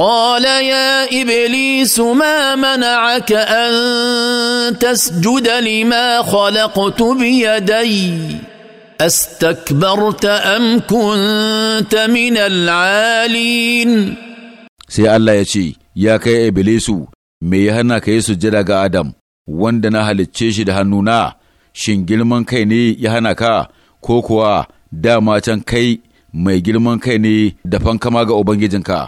قال يا ابليس ما منعك ان تسجد لما خلقت بيدي استكبرت ام كنت من العالين sai Allah ya ce ya kai iblisu mai ya hana ka yi sujjada ga Adam wanda na halicce shi da hannuna shin girman kai ne ya hana ka ko kuwa dama can kai mai girman kai ne da fankama ga ubangijinka